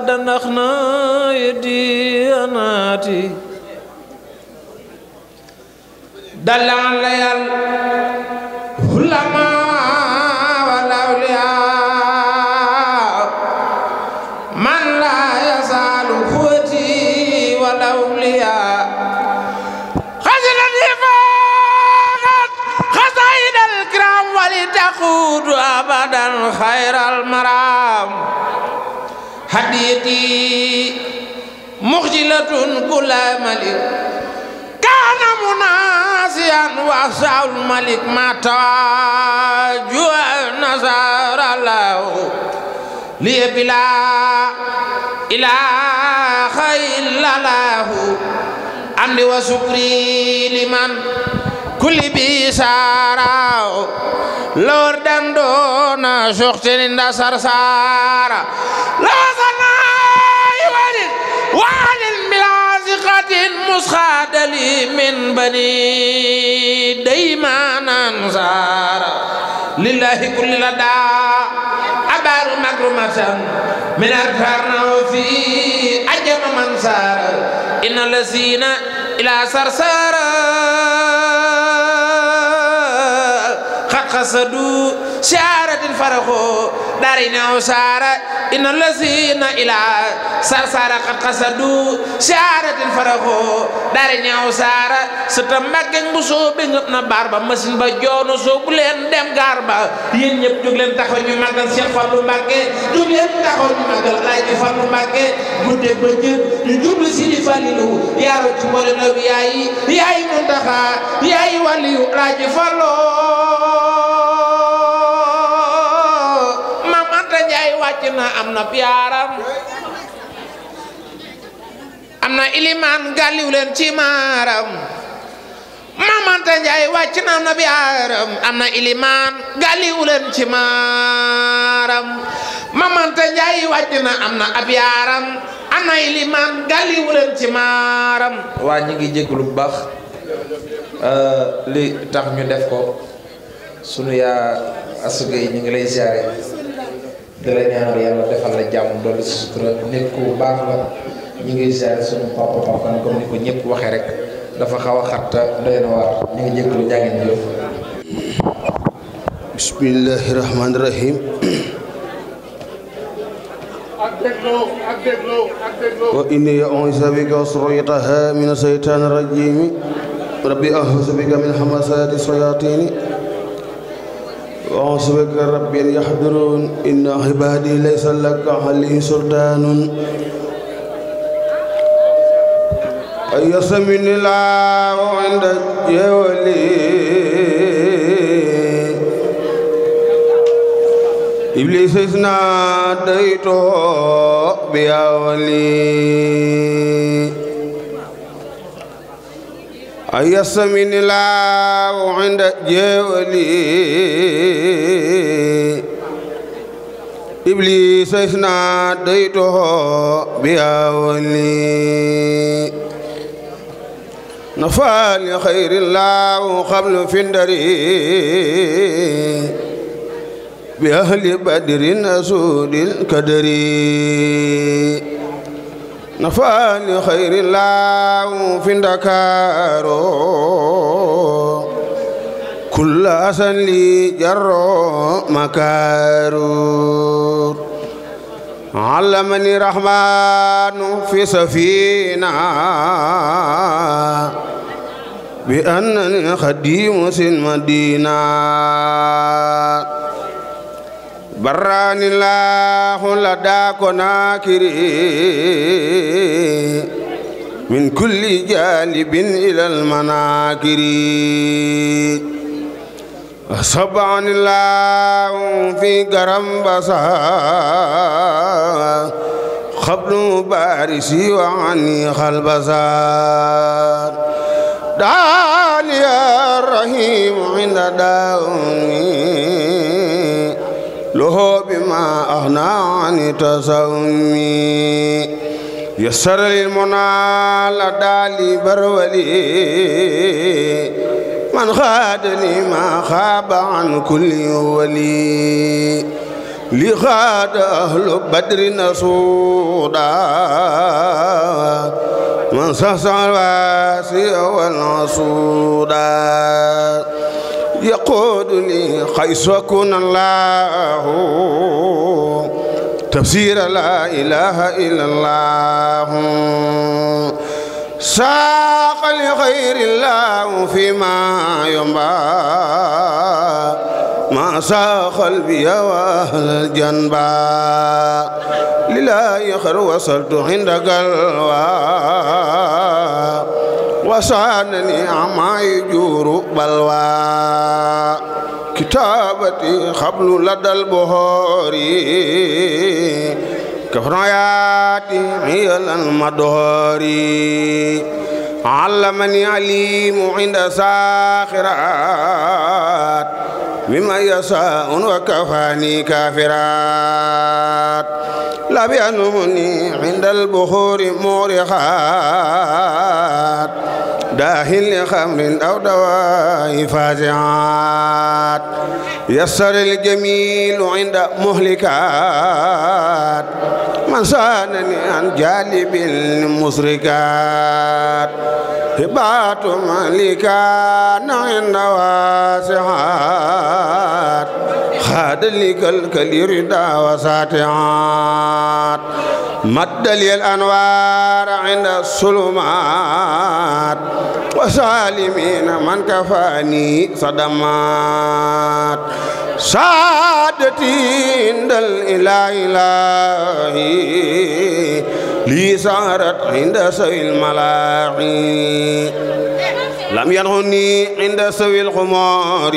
دنخنا يديناتي دل علي العلماء والأولياء من لا يزال قوتي والأولياء خزنني فقط خزائن الكرام ولتقود أبدا خير المرام هديتي مخجلة كل ملك كان مناسيا وأسع الملك ما تاج نزار له لي بلا إله إلا له أمري وشكري لمن كل بشارة لورد أندور na soxteninda sarsara lasana iwanin wanin bilasiqatin musxadali min bani daymanan sara lillahi kulli la da abaru magrumatan min artarnaw fi ajama man sara inna lasina ila sarsara xat xasadu شارة فرخوا دارين عسارة إن الذين إلى سرسارة قد قصدوا شارة فرخوا دارين عسارة ستمكن بصوب نبار بمسن بجون صوب لين دم غاربا ين يب جوج لين تاخو ñu magal Cheikh Fallou Mbacké jug leen taxaw ñu magal Alaaji Fallou Mbacké guddeeg bëccëg ñu jublu si Falilu yaaru ci mboolem nabi yaay yi yaay Muntaxa yaay waliyu Alaaji Fallou am na yaaram am na ilimaan gàlliw leen ci maaram mamanta njaay wàcc na am na yaaram am na ilimaan gàlliw ci maaram mamanta njaay wàcc am na ab yaaram am na ilimaan waa ñi ngi jéglu bu baax euh, li tax ñu def ko sunu yaa asugay ñu ngi lay siyaare di la ñaanal yàlla defal la jàmm dolli si sutura nit ku baax la ñu ngi ziare sunu papa papa ni ko ñëpp waxee rek dafa xaw a xat doy na waar ñu ngi jégalu jaa ngeen jëf. bismillahi rahmaani rahim. wa inni a'uuzu bika wa zurriyyatahaa mina rajiim rabbi a'uuzu bika min hamazaati shayaatiini وحسبك ربي يحضرون إن عبادي ليس لك عليه سلطان يسمن الله عند جولي إبليس ناديته بأولي أيسمن الله عند جولي إبليس ناديته بأولي نفى لخير الله قبل فندري بأهل بدر أسود الكدري nafaani xayri laaw fi ndakaaro kulla asan li jarro makaaro allamani rahmaanu fi safina bi annani xadimu sin madina براني الله لداك ناكري من كل جانب إلى المناكر صب عن الله في قرم بصا قبل بارسي وعني خلبصار دالي الرحيم عند داومي له بما أغنى عن تسومي يسر للمنى لدى لي برولي من خادني ما خاب عن كل ولي لي خاد أهل بدر نصودا من سهسع الواسي والعصودا يقود لي حيث أكون الله تفسير لا إله إلا الله ساق لغير الله فيما ينبغي ما ساق قلبي وأهل الجنبى لله خير وصلت عند قلبي وسانني عما يجور بلوى كتابتي خبل لدى البهور كفراياتي هي المدهور علمني عليم عند ساخرات بما يساء وكفاني كافرات لبينوني عند البخور مورخات داهل لخمر أو دواء فازعات يسر الجميل عند مهلكات من سانني عن جالب المسركات هبات ملكان عند واسعات خاد لك الكلير دا وساتعات مد لي الأنوار عند الظلمات وسالمين من كفاني صدمات سادتي عند الإله لي سهرت عند سوي الملاحي لم ينهني عند سوي الخمار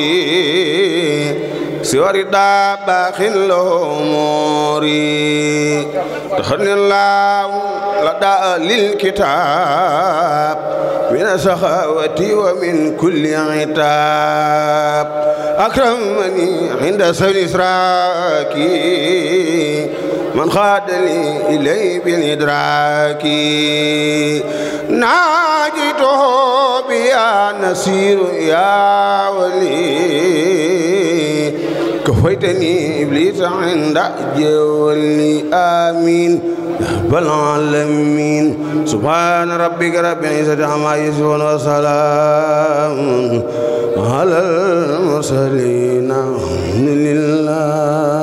سوار داباخ الأمور تخرني الله لدى للكتاب من سخاوتي ومن كل عتاب أكرمني عند سوي إسراكي من خاد لي إليه بالإدراك ناجته بيا نصير يا ولي كفيتني إبليس عند جولي آمين رب العالمين سبحان ربك رب العزة عما يصفون وسلام على المرسلين الحمد لله